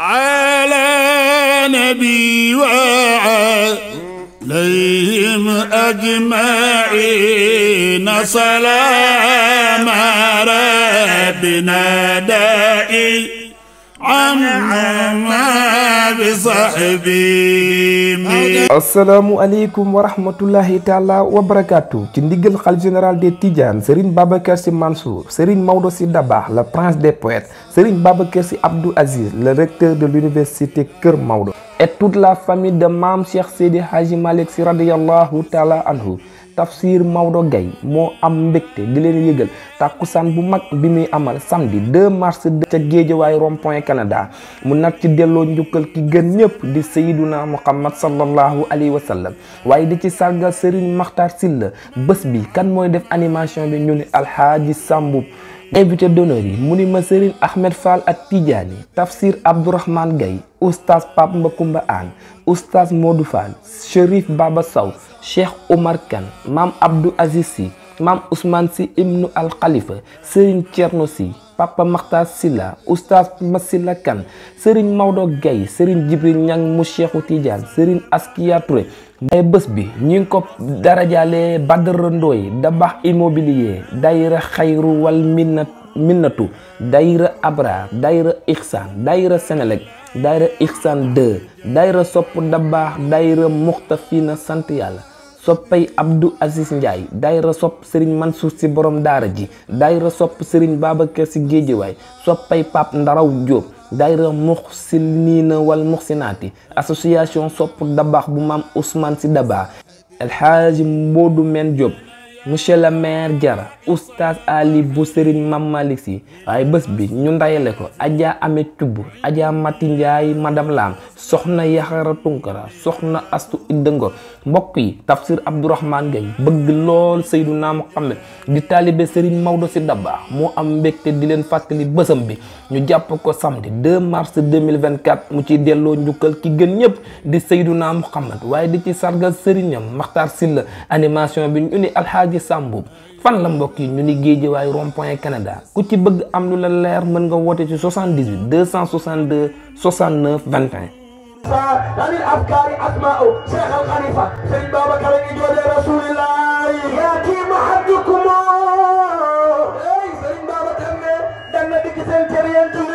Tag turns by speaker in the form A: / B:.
A: على نبي وعليهم أجمعين سلام ربنا دائي عمنا asalaamualeykum wa rahmatullahi taala wa barakaatu ci ndigal xalif général des Tidianes Serigne Babacar Sy Mansour Serigne Maodo Sy Dabakh le prince des poètes Serigne Babacar Sy Abdou Aziz le recteur de l'université Kër Maodo et tout la famille de maam Cheikh Seydi Hadji Malick Sy radiyallahu taala anhu Tafsir Maodo Gaye moo am mbégte di leen yëgal tàkkusaan bu mag bi muy amal samedi 2 mars ca géej rond rompoint Canada mu nag ci delloo njukkal ki gën ñëpp di Sayyiduna Muhammad sallallahu alayhi wa sallam waaye di ci sargal Serigne Makhtar Sylla bés bi kan mooy def animation bi ñu ne Alhaaji Sambou invité d'honneur yi mu ni ma Serigne Ahmed Fall ak Tidjani Tafsir Abdourahmane Gaye oustaz Pape Makumba Anne oustaz Modou Fall Chérif Baba Sow Cheikh Omar Kane maam Abdou Aziz Sy maam Ousmane Sy ibnu al Khalifa Serigne Thierno Sy Papa Makhtar Sylla Oustaz Massila Kane Serigne Maodo Guèye Serigne Jibril Niang mu Cheikhu Tidiane Serigne Askia Touré bi ñu ngi ko darajaale Badara Ndoye Dabax Immobilier Dayra Xayru wal Minnat Minnatu Dayra Abrar Dayra Ixsaan Dayra Senelec Dayra Ixsaan 2 Dayra Sopp Dabax Dayra Muxtafina sant yàlla soppay Abdou Aziz Ndiaye daayira sopp Serigne suuf si borom daara ji daayira sopp Serigne Babacar si géejewaay soppay Pape Ndaraw Diop daayira Muxsiniina wal Muxsinaati association sopp dabaax bu maam Ousmane si dabaax Alxaaji Mboodu Men Diop monsieur le maire Jara oustaz Ali bu Serigne Mame Malick si waaye bés bi ñu ndayale ko Adja Ameth Thioub Adja Mati Ndiaye madame Lam soxna Yaxara Tunkara soxna Astu Idda Ngor mbokk yi tafsir Abdourahmane Gaye bëgg lool Seyduna Muhammad di taalibe Serigne Maodo Sy Dabakh moo am mbégte di leen fàttali bësam bi ñu jàpp ko samedi 2 mars 2024 mu ci delloo njukkal ki gën ñëpp di Seyduna Muhammad waaye di ci sargal sëriñam Maxtaar Silla animation bi ñu ni Alxaaji Sambou fan la mbokk yi ñu ni Géejawaay rond-point Canada ku ci bëgg am lu la leer mën nga woote ci 78 262 69 21 عن الافكار اسماء شيخ الخليفه سيد بابا كريم جود رسول الله ياتي محدكم اي سيد بابا تم دنا ديك سنتريان ينتهي